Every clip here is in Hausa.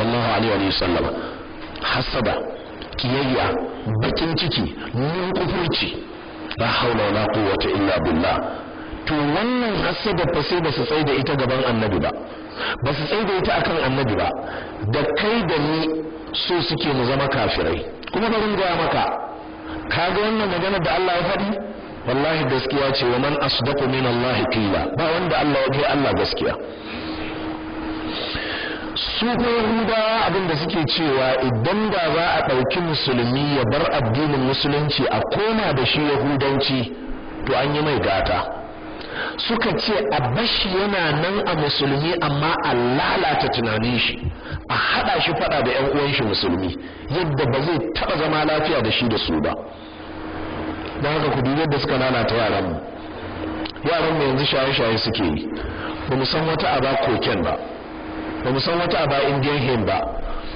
sallallahu alaihi wa sallam hasada kiyayya bakin ciki nun kufurci la haula wala quwwata illa billah to wannan hasada fa sai ba su tsai da ita gaban annabi ba ba su tsai da ita akan annabi ba da kai da ni so suke mu zama kafirai kuma bari gaya maka kaga wannan magana da Allah ya faɗi wallahi gaskiya ce wa man asdaqu min Allah qila ba wanda Allah ya Allah gaskiya su ko yahudawa abin da suke cewa idan da za a ɗauki musulmi ya bar addinin musulunci a koma da shi ya yahudanci to an yi mai gata suka ce a bashi yana nan a musulmi amma a lalata tunanin shi a haɗa shi faɗa da 'yan uwan shi musulmi yadda ba zai taɓa zama lafiya da shi da su ba don haka ku yadda suka lalata yaran mu yaran mu yanzu shaye-shaye suke yi ba mu san wata aba koken ba ba mu san wata aba indian hymn ba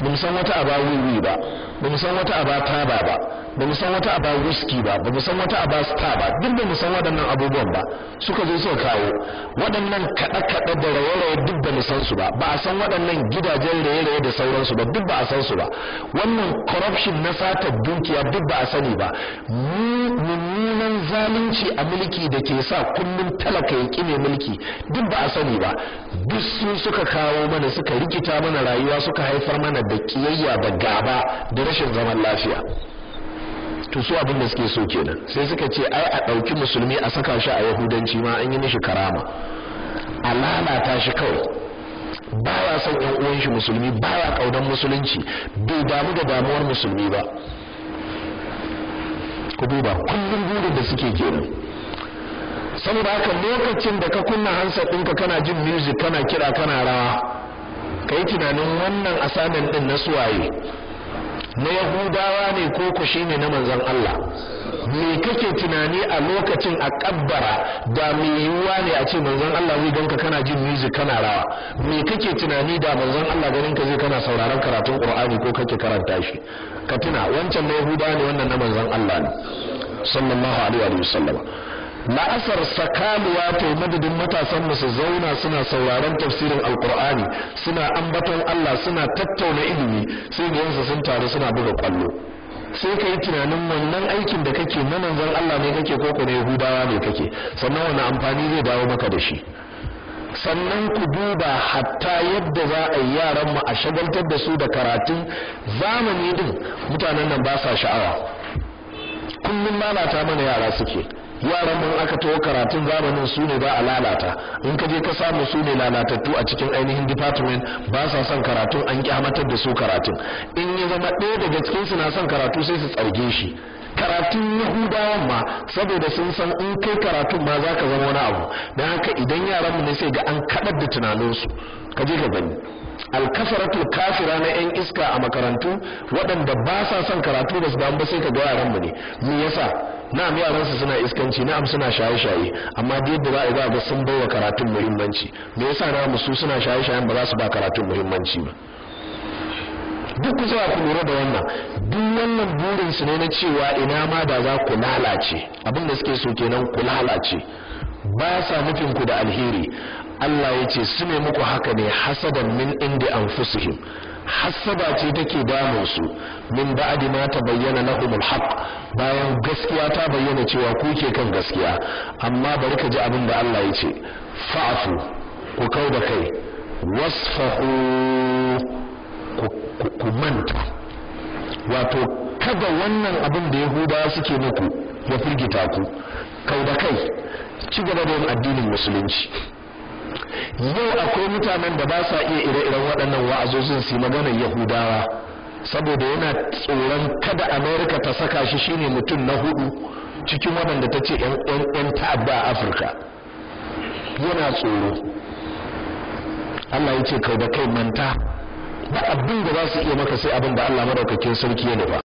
ba mu san wata aba wiwi ba ba mu san wata aba taba ba ba mu san wata aba whisky ba ba mu san wata aba star ba duk ba mu san waɗannan abubuwan ba suka zo suka kawo waɗannan kaɗe-kaɗe da raye-raye duk ba mu san su ba ba a san waɗannan gidajen raye-raye da sauransu ba duk ba a san su ba wannan corruption na sata dukiya duk ba a sani ba mummunan zalunci a mulki da ke sa kullum talaka ya ne mulki duk ba a sani ba duk su suka kawo mana suka rikita mana rayuwa suka haifar mana da kiyayya da gaba da rashin zaman lafiya to su abin da suke so kenan sai suka ce ai a ɗauki musulmi a saka shi a yahudanci ma an yi mishi karama a lalata shi kawai baya son yan uwan shi musulmi baya kaudan musulunci bai damu da damuwar musulmi ba ku duba kullum burin da suke kenan saboda haka lokacin da ka kunna hansa ɗinka kana jin music kana kira kana rawa ka yi tunanin wannan asamin ɗin na suwaye na yahudawa ne ko ku ne na manzan Allah me kake tunani a lokacin a kabbara da me yiwuwa ne a ce manzan Allah zai ganka kana jin music kana rawa me kake tunani da manzan Allah ganin ka zai kana sauraron karatun Qur'ani ko kake karanta shi ka tuna wancan na yahudawa ne wannan na manzan Allah ne sallallahu alaihi wa sallam ma'asar sakaluwa to madadin matasan su zauna suna sauraron tafsirin alkur'ani suna ambaton Allah suna tattauna ilimi sai ga sun taru suna buga kwallo sai ka yi tunanin wannan aikin da kake na manzon Allah ne kake koko ne Yahudawa ne kake sannan wani amfani zai dawo maka da shi sannan ku duba hatta yadda za a yi yaranmu a shagaltar da su da karatun zamani din mutanen nan ba sa sha'awa kullum lalata mana yara suke yaran mun aka taho karatun zamanin su ne ba a lalata in ka je ka samu su ne lalatattu a cikin ainihin department ba sa son karatun an kyamatar da su karatun in ya zama ɗaya daga cikin su na son karatu sai su tsarge shi karatun yahudawan ma saboda sun san in kai karatun ma za ka zama wani abu don haka idan yaran mu ne sai ga an kaɗar da tunaninsu ka je ka gani alkasaratu kafira na yan iska a makarantu waɗanda ba sa son karatu ba su damu ba sai ka ga yaran mu ne me yasa na'am yaransu suna iskanci na'am suna shaye-shaye amma da yadda za a ga sun bawa karatun muhimmanci me yasa na musu suna shaye-shayen ba za su ba karatun muhimmanci ba duk ku ku lura da wannan duk wannan burin su ne na cewa ina ma da za ku lalace abin da suke so kenan ku lalace ba sa mutunku da alheri Allah ya ce su ne muku haka ne hasadan min inda an fusuhim hasada ce take damun su min ta ma na umar haq. bayan gaskiya ta bayyana cewa ku kan gaskiya amma bari ka ji abin da Allah ya ce fa'afu ku kau da kai wasfahu ku manta wato kada wannan abin da yahudawa suke muku ya firgita ku kau da kai ci gaba da yin addinin musulunci yau akwai mutanen da ba sa iya ire-iren waɗannan wa'azozin su maganar yahudawa saboda yana tsoron kada america ta saka shi shine mutum na hudu cikin waɗanda ta ce 'yan ta'adda a afirka yana tsoro allah ya ce kai kai manta ba abin da za su iya maka sai abin da allah madaukakin sarki ya nufa